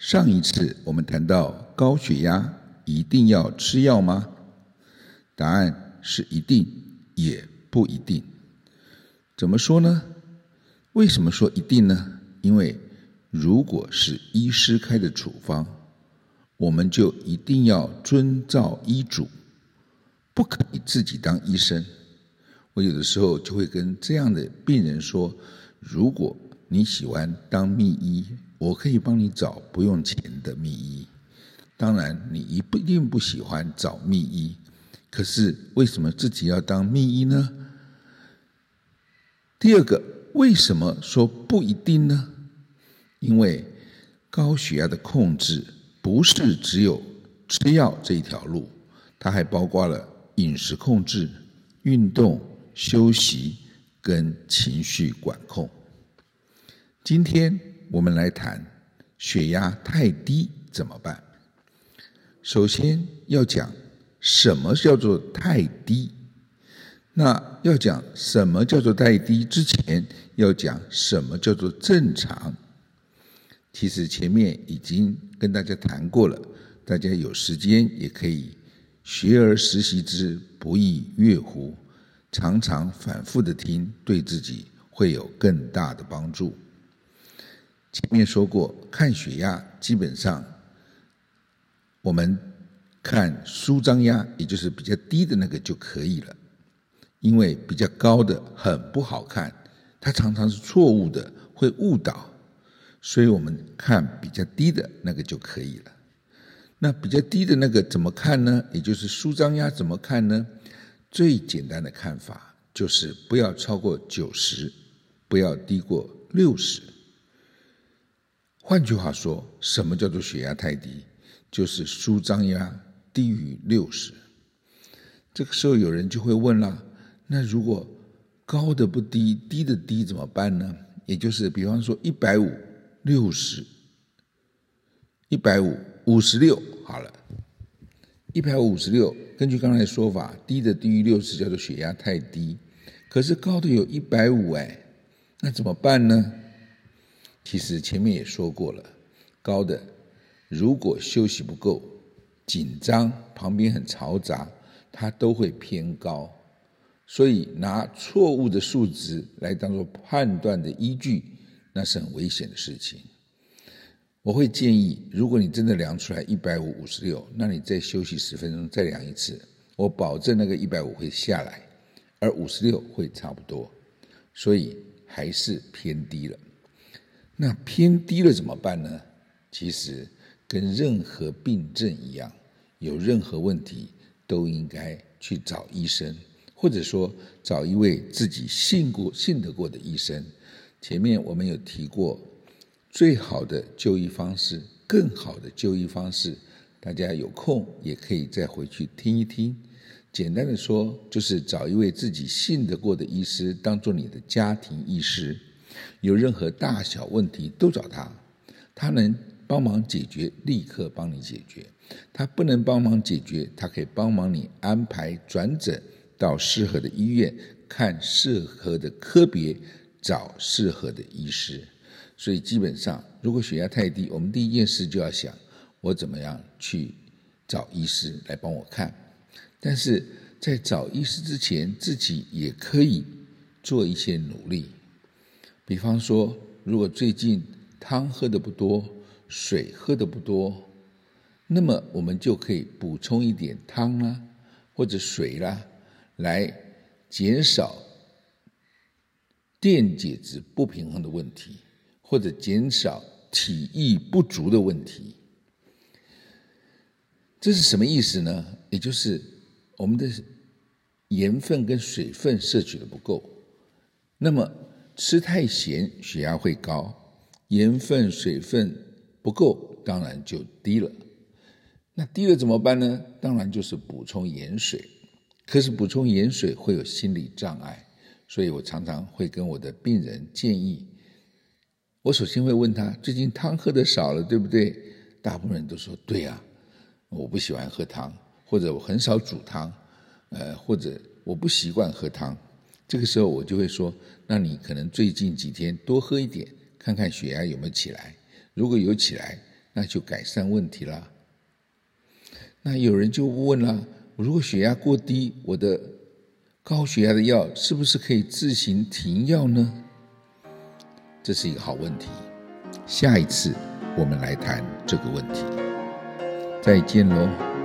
上一次我們談到高血壓，一定要吃藥嗎？答案是，一定也不一定。怎麼說呢？為什麼說一定呢？因為如果是醫師開的處方，我們就一定要遵照醫囑，不可以自己當醫生。我有的時候就會跟這樣的病人說：如果你喜歡當密醫。我可以幫你找不用錢的密醫，當然你一不一定不喜歡找密醫，可是為什麼自己要當密醫呢？第二個，為什麼說不一定呢？因為高血壓的控制不是只有吃藥這一條路，它還包括了飲食控制、運動、休息跟情緒管控。今天。我們來談血壓太低怎麼辦？首先要講什麼叫做太低？那要講什麼叫做太低之前，要講什麼叫做正常？其實前面已經跟大家談過了，大家有時間也可以“學而時習之，不亦說乎”，常常反覆的聽，對自己會有更大的幫助。前面說過，看血壓，基本上我們看舒張壓，也就是比較低的那個就可以了，因為比較高的很不好看，它常常是錯誤的，會誤導，所以我們看比較低的那個就可以了。那比較低的那個怎麼看呢？也就是舒張壓怎麼看呢？最簡單的看法就是不要超過九十，不要低過六十。換句話說，什麼叫做血壓太低？就是舒張壓低於六十。這個時候有人就會問了啊：那如果高的不低，低的低怎麼辦呢？也就是，比方說一百五六十，一百五五十六好了，一百五十六。根據剛才的說法，低的低於六十叫做血壓太低，可是高的有一百五哎，那怎麼辦呢？其實前面也說過了，高的，如果休息不夠，緊張，旁邊很嘈雜，它都會偏高。所以拿錯誤的數值來當做判斷的依據，那是很危險的事情。我會建議，如果你真的量出來一百五五十六，那你再休息十分鐘，再量一次，我保證那個一百五會下來，而五十六會差不多，所以還是偏低了。那偏低了怎麼辦呢？其實跟任何病症一樣，有任何問題都應該去找醫生，或者說找一位自己信過、信得過的醫生。前面我們有提過，最好的就醫方式、更好的就醫方式，大家有空也可以再回去聽一聽。簡單的說，就是找一位自己信得過的醫師，當做你的家庭醫師。有任何大小問題都找他，他能幫忙解決，立刻幫你解決；他不能幫忙解決，他可以幫忙你安排轉診到適合的醫院，看適合的科別，找適合的醫師。所以，基本上，如果血壓太低，我們第一件事就要想：我怎麼樣去找醫師來幫我看？但是在找醫師之前，自己也可以做一些努力。比方說，如果最近湯喝的不多，水喝的不多，那麼我們就可以補充一點湯啦、啊，或者水啦、啊，來減少電解質不平衡的問題，或者減少體液不足的問題。這是什麼意思呢？也就是我們的鹽分跟水分攝取的不夠，那麼。吃太鹹，血壓會高；鹽分、水分不夠，當然就低了。那低了怎麼辦呢？當然就是補充鹽水。可是補充鹽水會有心理障礙，所以我常常會跟我的病人建議，我首先會問他，最近湯喝得少了，對不對？大部分人都說對啊，我不喜歡喝湯，或者我很少煮湯，呃，或者我不習慣喝湯。這個時候我就會說，那你可能最近幾天多喝一點，看看血壓有沒有起來。如果有起來，那就改善問題了。那有人就問了：我如果血壓過低，我的高血壓的藥是不是可以自行停藥呢？這是一個好問題。下一次我們來談這個問題。再見嘍。